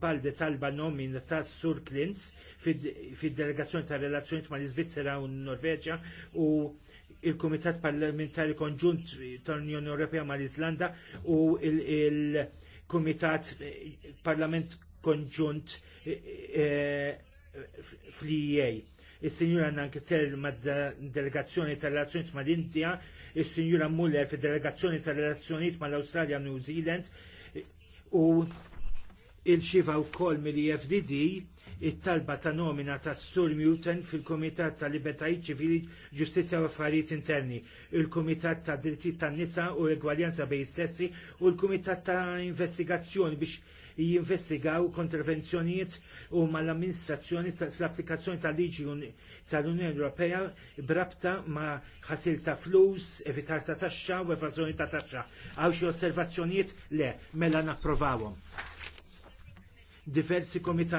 palde talba nomin ta' Sur Klintz fid-delegazzjoni ta' relazzjoni ma' l-Svizzera u Norveġa u il-Komitat Parlamentari Konġunt tal-Unjoni Ewropea ma' l-Islanda u il-Komitat Parlament Konġunt e- e- e- fl-EA. Il-Sinjura Nanketer mad delegazzjoni ta' relazzjoni ma' l-Indija, il-Sinjura Muller fil delegazzjoni ta' relazzjoni ma' l-Australia New Zealand u il-xiva wkoll mill-IFDD it-talba ta' nomina ta' Sur Newton fil-Komitat ta' Libertajiet Ċivili Ġustizzja u Affarijiet Interni, il-Komitat ta' dritti tan-Nisa u Egwaljanza bej sessi u l-Kumitat ta' Investigazzjoni biex jinvestigaw kontravenzjonijiet u mal-amministrazzjoni fl-applikazzjoni tal liġi tal-Unjoni Ewropea brabta ma' ħasil ta' flus, evitar ta' taxxa u evażjoni ta' taxxa. Għaw xi osservazzjonijiet le, mela napprovawhom diversi komitati.